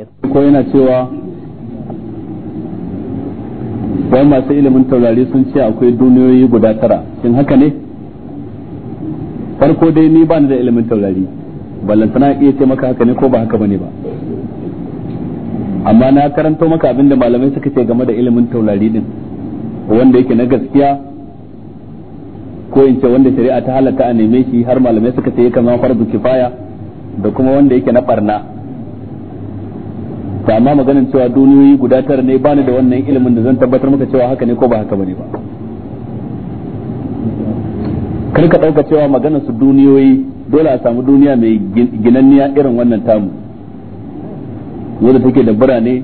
ko yana cewa wai masu ilimin taurari sun ce akwai duniyoyi guda tara shin haka ne farko dai ni ba ni da ilimin taurari ballantana iya ce maka haka ne ko ba haka bane ba amma na karanto maka abin da malamai suka ce game da ilimin taurari din wanda yake na gaskiya ko in ce wanda shari'a ta halatta a neme shi har malamai suka ce yakan zama farzu kifaya da kuma wanda yake na barna da amma maganin cewa duniyoyi guda tara ne bani da wannan ilimin da zan tabbatar maka cewa haka ne ko ba haka bane ba kar ka dauka cewa maganar su duniyoyi dole a samu duniya mai ginanniya irin wannan tamu wadda take da birane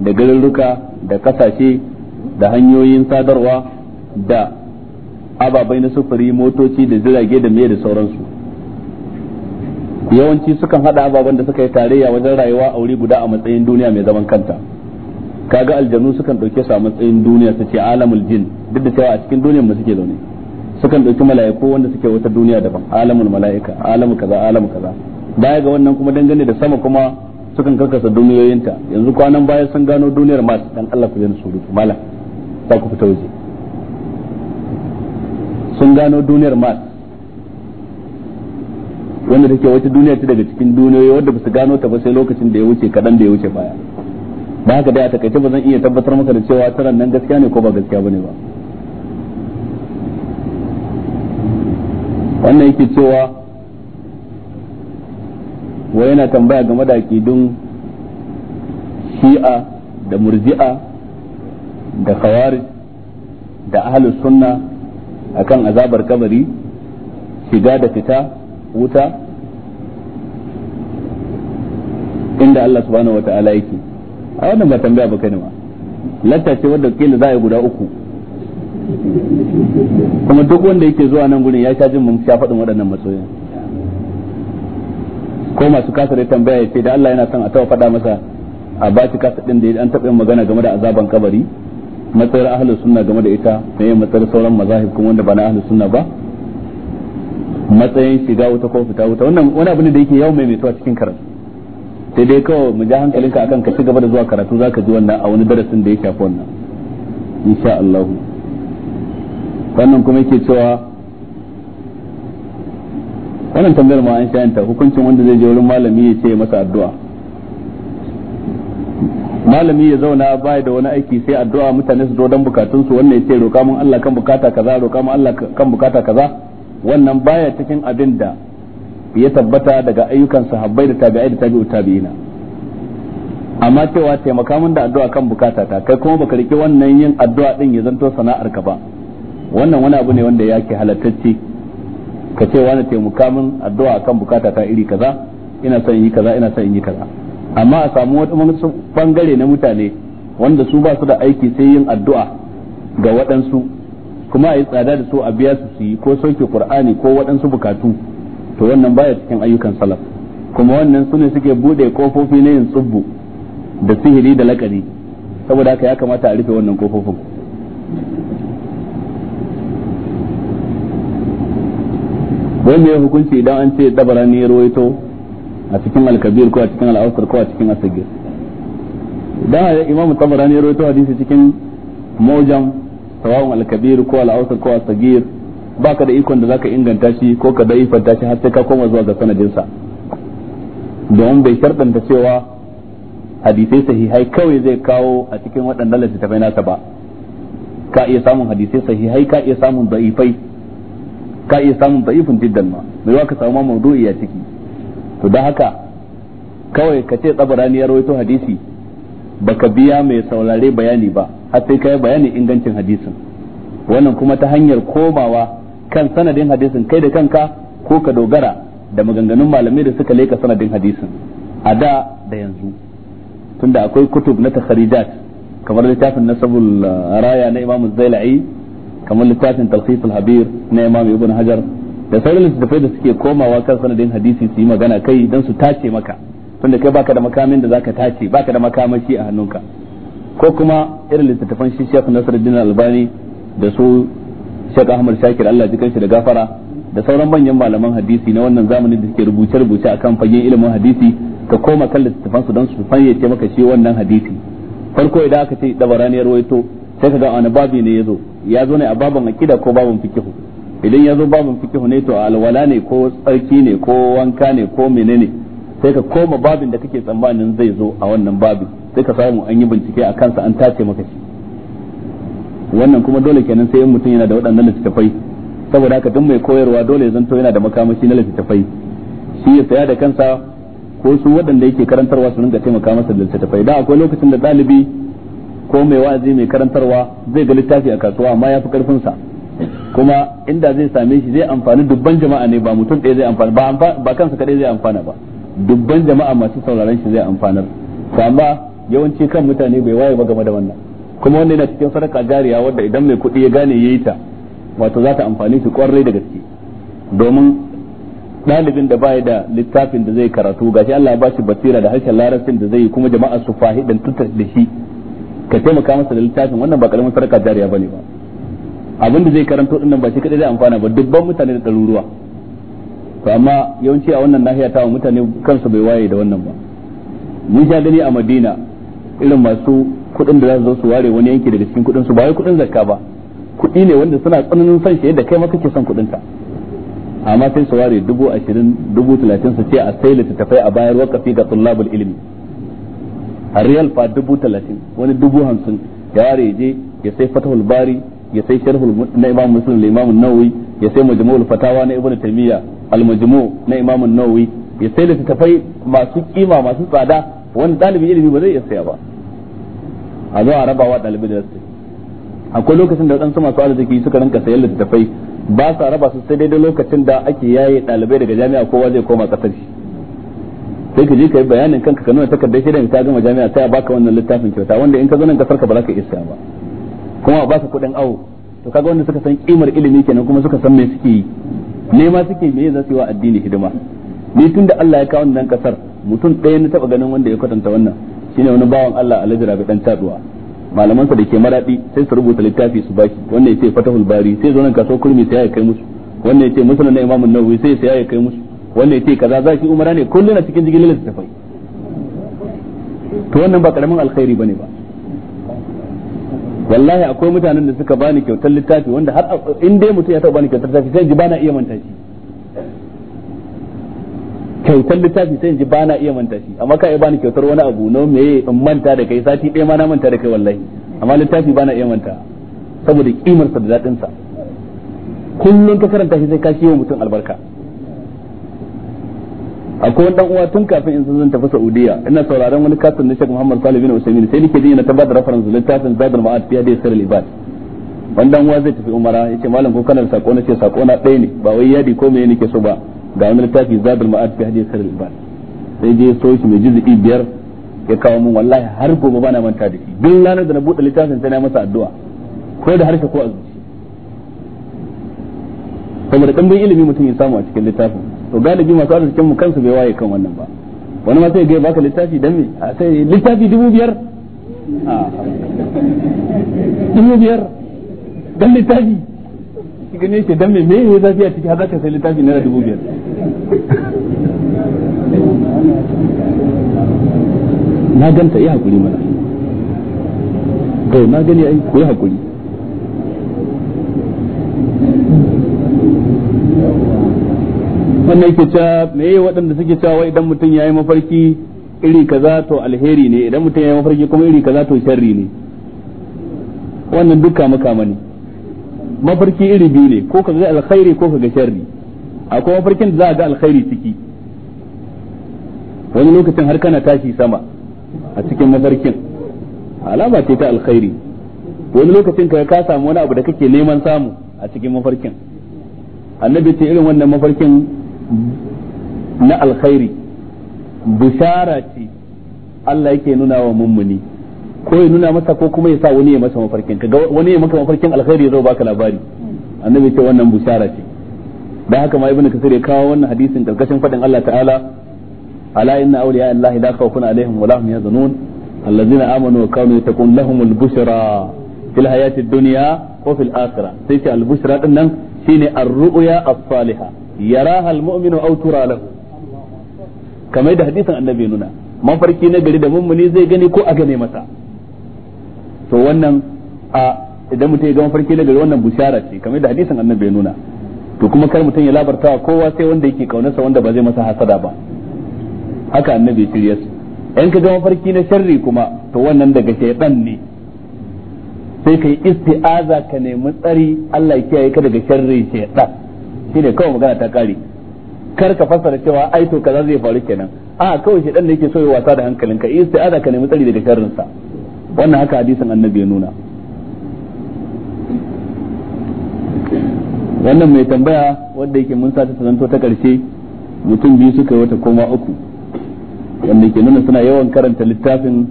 da garuruka da kasashe da hanyoyin sadarwa da ababai na sufuri motoci da jirage da meye da sauransu yawanci sukan hada ababen da suka yi tarayya wajen rayuwa a wuri guda a matsayin duniya mai zaman kanta kaga aljanu sukan dauke su a matsayin duniya su ce alamul jin duk da cewa a cikin duniyar mu suke zaune sukan dauki mala'iku wanda suke wata duniya daban alamul mala'ika alamu kaza alamu kaza baya ga wannan kuma dangane da sama kuma sukan karkasa duniyoyinta yanzu kwanan baya sun gano duniyar mars dan Allah ku jin surutu mala ta ku fita waje sun gano duniyar mars wanda take wata duniya ta daga cikin duniyoyi wanda basu gano ta ba sai lokacin da ya wuce kadan da ya wuce baya ba haka dai a takaice ba zan iya tabbatar maka da cewa tsaron nan gaskiya ne ko ba gaskiya bane ba wannan yake cewa wa yana tambaya game da akidun shi'a da murji'a da khawari da ahli sunna akan azabar kabari shiga da fita wuta inda Allah subhanahu wataala yake a wannan ba tambaya ba kai ne ma latta ce wanda kila za a yi guda uku kuma duk wanda yake zuwa nan gurin ya sha jin mun sha faɗin waɗannan masoyan. ko masu kasar ya tambaya ya ce da Allah yana son a tawa faɗa masa a ba shi kasa ɗin da an taɓa yin magana game da azaban kabari matsayar ahlus sunna game da ita ne yin matsayar sauran mazahib kuma wanda ba na ahlus sunna ba matsayin shiga wuta ko fita wuta wannan wani abu ne da yake yawan maimaituwa cikin karatu sai dai kawai mu ja hankalinka akan ka ci gaba da zuwa karatu zaka ji wannan a wani darasin da ya shafi wannan insha Allah wannan kuma yake cewa wannan tambayar ma an shayanta hukuncin wanda zai je wurin malami ya ce masa addu'a malami ya zauna baya da wani aiki sai addu'a mutane su zo don bukatunsu wannan ya ce roƙa mun Allah kan bukata kaza roƙa mun Allah kan bukata kaza wannan baya cikin abin da ya tabbata daga ayyukan sahabbai da tabi'ai da tabi'u tabi'ina amma cewa taimaka da addu'a kan bukata ta kai kuma baka rike wannan yin addu'a din ya zanto sana'ar ka ba wannan wani abu ne wanda yake halattacce ka ce wani taimaka min addu'a kan bukata ta iri kaza ina son yi kaza ina son yi kaza amma a samu wata bangare na mutane wanda su ba su da aiki sai yin addu'a ga waɗansu kuma a yi tsada da su a biya su su yi ko sauke qur'ani ko waɗansu bukatu to wannan baya cikin ayyukan salaf kuma wannan sune suke bude kofofi na yin tsubbu da sihiri da lakari saboda haka ya kamata a rufe wannan kofofin wanda ya hukunci idan an ce dabara ne ruwaito a cikin alkabir ko a cikin al'ausar ko a cikin asagir dan imam tabara ne rawaito hadisi cikin mojam sawa'un alkabir ko al'ausar ko asagir baka da ikon da zaka inganta shi ko ka daifanta shi har sai ka koma zuwa ga sanadinsa domin bai sharɗanta cewa hadisai sahihai kawai zai kawo a cikin waɗannan littattafai nasa ba ka iya samun hadisai sahihai ka iya samun da'ifai ka iya samun da'ifin jiddan ma mai ka samu maudu'i a ciki to da haka kawai ka ce tsabarani ya rawaito hadisi baka biya mai saurare bayani ba har sai yi bayani ingancin hadisin wannan kuma ta hanyar komawa kan sanadin hadisin kai da kanka ko ka dogara da maganganun malamai da suka leka sanadin hadisin a da da yanzu tunda akwai kutub na takharijat kamar littafin nasabul ah, raya na imamu zailai kamar littafin talhisul habir na imam ibn hajar da sauran littattafai da suke komawa kan sanadin hadisi su yi magana kai don su tace maka tunda kai baka da makamin da zaka tace baka da makamashi a hannunka ko kuma irin littattafan shi nasarar dinar Albani da su Sheikh Ahmad Shakir Allah ji kanshi da gafara da sauran manyan malaman hadisi na wannan zamanin da suke rubuce rubuce akan fagen ilimin hadisi ka koma kan littattafan su don su ce maka shi wannan hadisi farko idan aka ce dabarani ya rawaito sai ka ga wani babi ne yazo ya zo ne a babin akida ko babin fikihu idan ya zo babin fikihu ne to alwala ne ko tsarki ne ko wanka ne ko menene sai ka koma babin da kake tsammanin zai zo a wannan babin sai ka samu an yi bincike a kansa an tace maka shi wannan kuma dole kenan sai mutum yana da waɗannan littattafai saboda haka duk mai koyarwa dole ya zanto yana da makamashi na littattafai shi ya saya da kansa ko su waɗanda yake karantarwa su rinka taimaka masa da littattafai da akwai lokacin da ɗalibi ko mai wa'azi mai karantarwa zai ga littafi a kasuwa amma ya fi karfin sa kuma inda zai same shi zai amfani dubban jama'a ne ba mutum ɗaya zai amfana ba kansa kaɗai zai amfana ba dubban jama'a masu sauraron shi zai amfanar to amma yawanci kan mutane bai waye ba game da wannan kuma wannan yana cikin sadaka jariya wanda idan mai kuɗi ya gane yayi ta wato za ta amfani shi kwarai da gaske domin ɗalibin da bai da littafin da zai karatu gashi Allah ya ba shi basira da harshen larabcin da zai kuma jama'a su fahidan tutar da shi ka taimaka masa da littafin wannan ba karamin sadaka jariya bane ba abin da zai karanto din ba shi kadai zai amfana ba dubban mutane da ɗaruruwa to amma yawanci a wannan nahiya ta mutane kansu bai waye da wannan ba mun sha gani a Madina irin masu kuɗin da za su zo su ware wani yanki daga cikin kuɗin su ba wai kuɗin zakka ba kuɗi ne wanda suna tsananin son shi yadda kai ma kake son kuɗin ta amma sai su ware dubu ashirin dubu talatin su ce a sai littattafai a bayar wakafi ga tullabul ilimi a riyal fa dubu talatin wani dubu hamsin ya ware je ya sai fatahul bari ya sai sharhul na imam muslim da imam nawawi ya sai majmu'ul fatawa na ibnu taymiya al majmu' na imam nawawi ya sai littattafai masu kima masu tsada wani dalibin ilimi ba zai iya saya ba a zo a rabawa dalibin da su akwai lokacin da wadansu masu arziki suka rinka sayan littattafai ba sa raba su sai daidai lokacin da ake yaye dalibai daga jami'a kowa zai koma kasar shi sai ka je ka yi bayanin kanka ka nuna takardar da ka gama jami'a sai a baka wannan littafin kyauta wanda in ka zo nan kasar ka ba za ka iya saya ba kuma a baka kuɗin awo to kaga wanda suka san kimar ilimi kenan kuma suka san me suke yi nema suke me za su yi wa addini hidima ni tunda da Allah ya kawo nan kasar mutum ɗaya na taɓa ganin wanda ya kwatanta wannan shine wani bawan Allah Alhaji Rabi dan taduwa malamansa da ke maradi sai su rubuta littafi su baki ya ce Fatahul Bari sai zo nan kaso kurmi sai ya kai musu ya ce musu na Imam Nawawi sai sai ya kai musu ya ce kaza zaki umara ne kullun a cikin jigilin tafai to wannan ba karamin alkhairi bane ba wallahi akwai mutanen da suka bani kyautar littafi wanda har in dai mutum ya taɓa bani kyautar littafi sai ji bana iya manta shi kyautar littafi sai in ji bana iya manta shi amma ka bani kyautar wani abu no me in manta da kai sati ɗaya ma na manta da kai wallahi amma littafi bana iya manta saboda kimar sa da dadin sa kullun ka karanta shi sai ka kiwo mutum albarka akwai wani dan uwa tun kafin in zan tafi Saudiya ina sauraron wani kasan na Sheikh Muhammad Salih bin Usaimin sai nake jin na tabbata reference littafin Zadul Ma'ad fi hadith sirr ibad wannan uwa zai tafi Umara yace malam ko kana da sako na ce sako na ɗaya ne ba wai yadi ko me nake so ba ga wani littafi zadul ma'ad fi hadiyar sarar ibad sai je so shi mai juz'i biyar ya kawo mun wallahi har gobe bana manta da shi duk ranar da na buɗe littafin sai na masa addu'a ko da harshe ko a zuci kuma da ɗanɓin ilimi mutum ya samu a cikin littafin to galibi masu arzikin mu kansu bai waye kan wannan ba wani ma sai ga baka littafi dan me a sai littafi dubu biyar dubu biyar dan littafi gane shi dan mai mai ya zafi a ciki har zaka sai littafi naira dubu biyar na ganta yi hakuri mana to na gani ai ku yi hakuri wannan ke cewa me waɗanda suke cewa wai idan mutum ya yi mafarki iri kaza to alheri ne idan mutum ya yi mafarki kuma iri kaza to sharri ne wannan duka makamani ne mafarki iri biyu ne ko ka ga alkhairi ko ka ga sharri akwai mafarkin da za ga alkhairi ciki wani lokacin har kana tashi sama a cikin mafarkin alama ce ta alkhairi wani lokacin ka ka samu wani abu da kake neman samu a cikin mafarkin annabi ce irin wannan mafarkin na alkhairi bushara ce Allah yake nuna wa mummuni ko ya nuna masa ko kuma ya sa wani ya masa mafarkin kaga wani ya maka mafarkin alkhairi zai baka labari annabi ce wannan bushara ce da haka ma ibnu kasir ya kawo wannan hadisin karkashin fadin Allah ta'ala ala inna awliya allahi la khawfun alaihim wa la hum yahzanun allazina amanu wa kanu yattaqun lahumul bushra fil hayatid dunya wa fil akhirah sai ce al din nan shine ar-ru'ya as-salihah yaraha al-mu'minu aw tura lahu kamar da hadisin annabi nuna mafarki na gari da mummuni zai gani ko a gane masa to wannan a idan mutum ya gama farki gari wannan bushara ce kamar da hadisin annabi ya nuna to kuma kar mutum ya labarta kowa sai wanda yake kaunarsa wanda ba zai masa hasada ba haka annabi shirya su yan ka gama farki na sharri kuma to wannan daga shaidan ne sai kai isti'aza ka nemi tsari Allah ya kiyaye ka daga sharri shi shine kawai magana ta kare kar ka fassara cewa ai to kaza zai faru kenan a kawai shaidan ne yake so ya wasa da hankalinka isti'aza ka nemi tsari daga sharrinsa sa wannan haka hadisin annabi ya nuna wannan mai tambaya wanda yake mun sa ta ta karshe mutum biyu suka yi wata koma uku wanda ke nuna suna yawan karanta littafin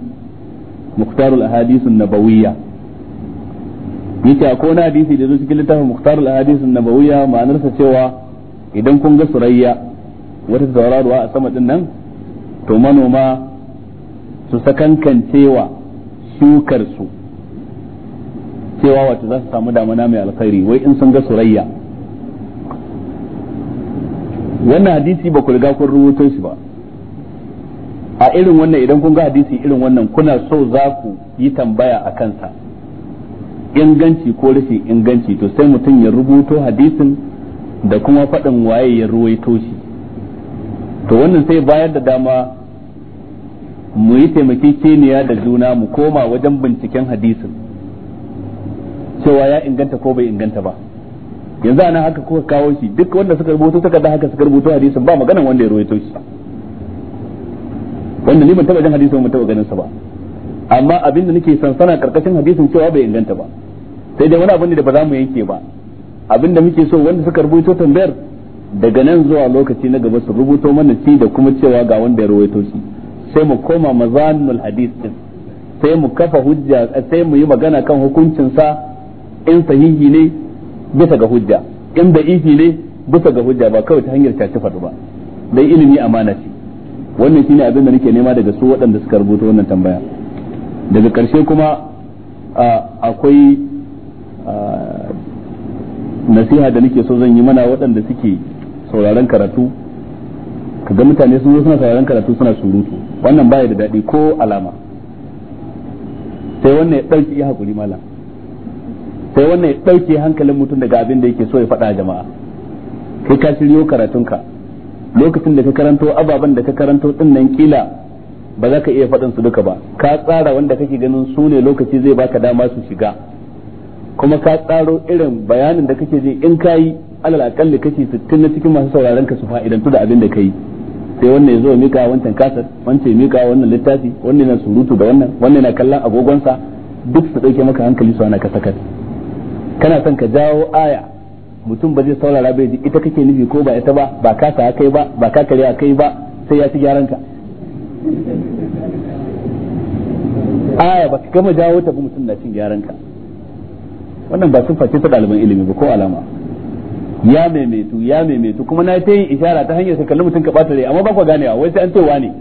muktarul ahadisun nabawiyya yake a kona hadisi da zo cikin littafin muktarul ahadisun nabawiyya ma'anarsa cewa idan kun ga surayya wata tauraruwa a sama din nan to manoma su cewa. shukar su cewa wato za su samu damana mai alkhairi wai in sun ga surayya wannan hadisi ba ku riga kun rubuto shi ba a irin wannan idan kun ga hadisi irin wannan kuna so za ku yi tambaya a kansa inganci ko rashin inganci to sai mutum ya rubuto hadisin da kuma faɗin waye ya ruwaito shi to wannan sai bayar da dama mu yi taimakekeniya da juna mu koma wajen binciken hadisin cewa ya inganta ko bai inganta ba yanzu ana haka kuka kawo shi duk wanda suka suka da haka suka rubuto hadisin ba maganan wanda ya ruwaito shi wanda ni ban taba jin hadisin ban taba ganin sa ba amma abin da nake sansana karkashin hadisin cewa bai inganta ba sai dai wani abu ne da ba za mu yanke ba abin da muke so wanda suka rubuto tambayar daga nan zuwa lokaci na gaba su rubuto mana shi da kuma cewa ga wanda ya rawaito shi sai mu koma mazanul hadis din sai mu kafa hujja sai mu yi magana kan hukuncin sa in sahihi ne bisa ga hujja in da'ifi ne bisa ga hujja ba kawai ta hanyar ta ba dai ilimi amana ce wannan shine abin da nake nema daga su waɗanda suka rubuta wannan tambaya daga karshe kuma akwai nasiha da nake so zan yi mana waɗanda suke sauraron karatu ga mutane sun zo suna sauraron karatu suna surutu wannan baya da daɗi ko alama sai wannan ya ɗauki iya hakuri malam sai wannan ya ɗauke hankalin mutum daga abin da yake so ya faɗa jama'a kai ka shiryo karatunka lokacin da ka karanto ababen da ka karanto din nan kila ba za ka iya faɗin su duka ba ka tsara wanda kake ganin su ne lokaci zai baka dama su shiga kuma ka tsaro irin bayanin da kake ji in kayi alal akalli kashi 60 na cikin masu sauraron ka su fa'idantu da abin da kai sai wannan yazo mika wancan kasar wancan mika wannan littafi wannan na surutu da wannan wannan na kallon agogonsa duk su dauke maka hankali su ana ka sakar kana son ka jawo aya mutum ba zai saurara bai ji ita kake nufi ko ba ita ba ba ka sa kai ba ba ka kare kai ba sai ya ci gyaran ka aya ba ka gama jawo ta ba mutum na cin gyaran ka wannan ba sun face ta ɗaliban ilimi ba ko alama ya maimaitu ya maimaitu kuma na ta yin ishara ta hanyar kalli mutum ka bata rai amma ba kwa ganewa wai sai an cewa ne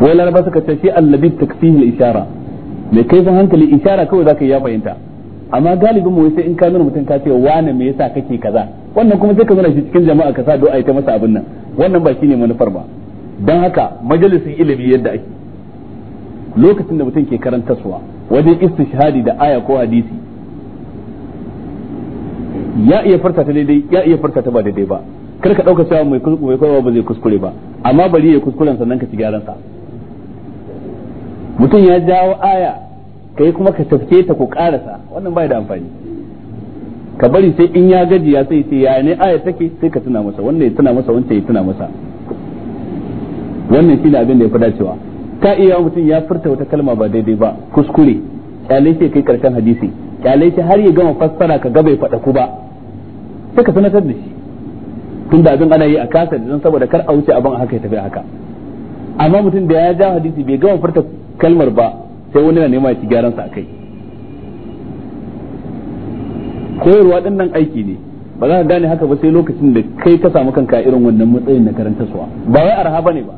wai laraba suka ce shi allabi takfihi ishara mai kaifin hankali ishara kawai zaka ya fahimta amma galibin mu sai in ka nuna mutum ka ce wane me yasa kake kaza wannan kuma sai ka nuna shi cikin jama'a ka sa do'a ita masa abin nan wannan ba shine manufar ba dan haka majalisin ilimi yadda ake lokacin da mutum ke suwa wajen istishhadi da aya ko hadisi ya iya farka ta daidai ya iya farka ta ba daidai ba kar ka dauka cewa mai kuskure ba zai kuskure ba amma bari ya kuskuren sannan ka ci gyaran sa mutum ya jawo aya kai kuma ka tafke ta ku karasa wannan bai da amfani ka bari sai in ya gaji ya sai sai ya ne aya take sai ka tuna masa wannan ya tuna masa wancan ya tuna masa wannan shine abin da ya fada cewa ka iya mutum ya furta wata kalma ba daidai ba kuskure kyale sai kai karshen hadisi kyale shi har ya gama fassara ka ga bai faɗa ku ba sai ka sanatar da shi tunda abin ana yi a kasa don saboda kar a wuce abin haka ya tafi haka amma mutum da ya ja hadisi bai gama furta kalmar ba sai wani na nema ya ci gyaran sa kai koyarwa din aiki ne ba za ka gane haka ba sai lokacin da kai ka samu kanka irin wannan matsayin na karanta suwa ba wai arha ne ba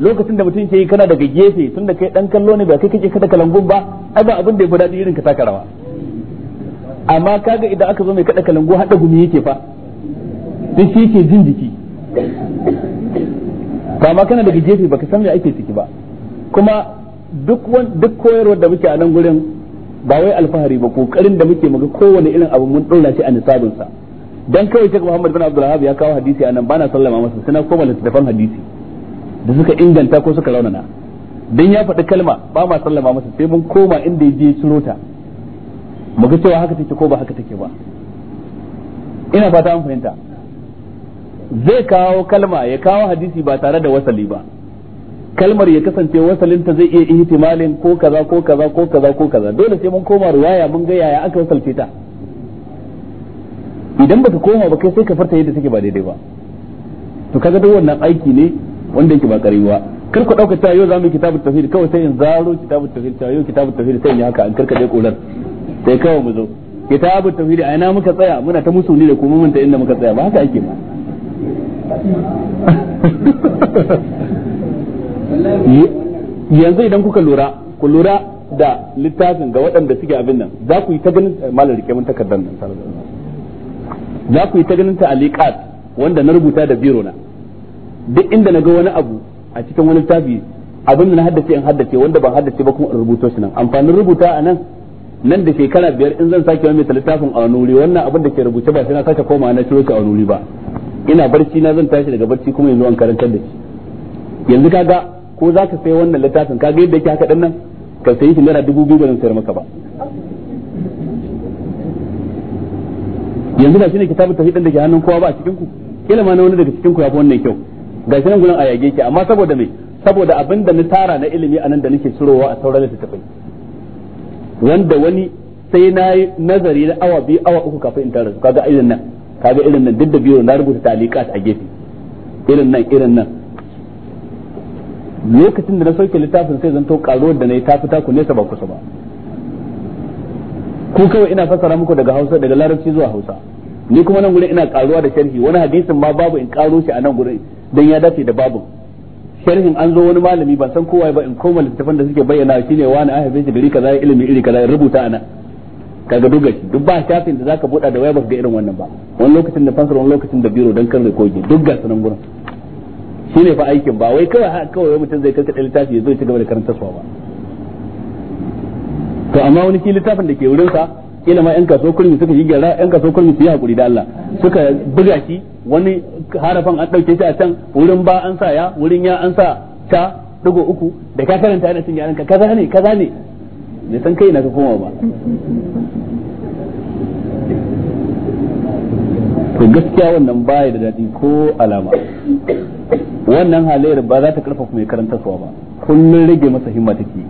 lokacin da mutum ke yi kana daga gefe tun da kai dan kallo ne ba kai kake kada kalangun ba ai ba abin da ya fi daɗi irin ka taka rawa amma kaga idan aka zo mai kada kalangu hada gumi yake fa duk shi yake jin jiki ba ma kana daga gefe baka san me ake ciki ba kuma duk duk koyarwar da muke a nan gurin ba wai alfahari ba kokarin da muke muga kowane irin abu mun dora shi a nisabin sa dan kawai Sheikh Muhammad bin Abdul ya kawo hadisi anan bana sallama masa na koma dafan hadisi da suka inganta ko suka launana dan ya faɗi kalma ba ma sallama masa sai mun koma inda ya je ciro ta mu ga cewa haka take ko ba haka take ba ina fata an fahimta zai kawo kalma ya kawo hadisi ba tare da wasali ba kalmar ya kasance wasalinta zai iya ihtimalin ko kaza ko kaza ko kaza ko kaza dole sai mun koma riwaya mun ga yaya aka wasalce ta idan baka koma ba kai sai ka farta yadda take ba daidai ba to kaga duk wannan aiki ne wanda yake ba karewa kar ku dauka ta yau zamu kitabut tafsir kawai sai in zaro kitabut tafsir ta yau kitabut tafsir sai in yi haka an dai kolar sai kawai mu zo kitabu tauhid a ina muka tsaya muna ta musu ne da kuma mun ta inda muka tsaya ba haka ake ma yanzu idan kuka lura ku lura da littafin ga waɗanda suke abin nan za ku yi ta ganin eh, malar rike mun takardar nan za ku yi ta ganin ta aliqat wanda na rubuta da biro na duk inda na ga wani abu a cikin wani littafi abin da na haddace in haddace wanda ban haddace ba kuma rubuto shi nan amfanin rubuta a nan nan da shekara biyar in zan sake mai littafin a nuri wannan abin da ke rubuce ba sai na sake koma na ciro shi a nuri ba ina barci na zan tashi daga barci kuma yanzu an karantar da shi yanzu kaga ko za ka sai wannan littafin kaga yadda yake haka dinnan ka sayi shi naira dubu biyu ba zan sayar maka ba yanzu ba shine kitabun tauhid da ke hannun kowa ba a cikin ku kila ma na wani daga cikin ku ya fi wannan kyau ga shi nan gudan a yage ki amma saboda me saboda abin da na tara na ilimi anan da nake cirowa a sauran littattafai wanda wani sai na yi nazari na awa biyu awa uku kafin in tara su kaga irin nan kaga irin nan duk da biyu na rubuta talika a gefe irin nan irin nan lokacin da na sauke littafin sai zan to karuwar da na yi ta ku nesa ba kusa ba ku kawai ina fassara muku daga hausa daga larabci zuwa hausa ni kuma nan gurin ina karuwa da sharhi wani hadisin ma babu in karo shi a nan gurin dan ya dace da babu sharhin an zo wani malami ban san kowa ba in koma littafin da suke bayyana shi ne wani a haife shi gari kaza ya ilimi iri kaza ya rubuta ana kaga duk gashi duk ba shafin da zaka buɗa da waya baka ga irin wannan ba wani lokacin da fansar wani lokacin da biro don dan karne koge duk ga sanan gurin ne fa aikin ba wai kawai haka kawai mutum zai karkata littafi ya zo ya ci gaba da karanta ba to amma wani shi littafin da ke wurinsa sa kila ma yan kaso kurmi suka yi gyara yan kaso kurmi su yi hakuri da Allah suka buga shi wani harafan an dauke shi a can wurin ba an sa ya wurin ya an sa ta dugo uku da ka karanta da cin yaranka kaza ne kaza ne ne san kai na ka koma ba to gaskiya wannan baya da daɗi ko alama wannan halayyar ba za ta karfafa mai suwa ba kullun rage masa himma take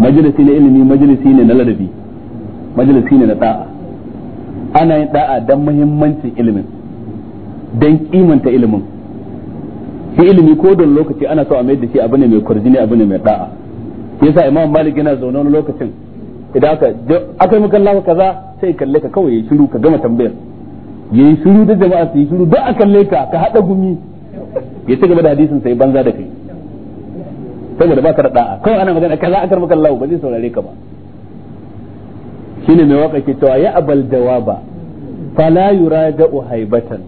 majalisi na ilimi majalisi ne na ladabi majalisi ne na da'a ana yin da'a dan muhimmancin ilimin dan kimanta ilimin shi ilimi ko don lokaci ana so a mai da shi abu ne mai ne abu ne mai da'a yasa imam malik yana zaune wani lokacin idan aka aka maka Allah kaza sai kalle ka kawai yayi shiru ka gama tambayar yayi shiru da jama'a su yi shiru duk a kalle ka ka hada gumi ya ci gaba da hadisin sai banza da kai saboda ba da da'a kawai ana magana kaza akar maka Allah ba zai saurare ka ba shine mai waka ke cewa ya abal jawaba fala yuraja'u haibatan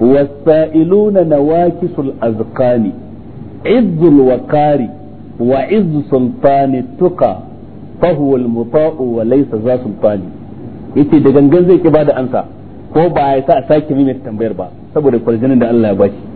wasailuna nawakisul azqani izzul waqari wa izzu sultani tuqa fa huwa al-muta'u wa laysa za sultani yace da gangan zai ki bada ansa ko ba ya sa a sake mimita tambayar ba saboda kwarjinin da Allah ya bashi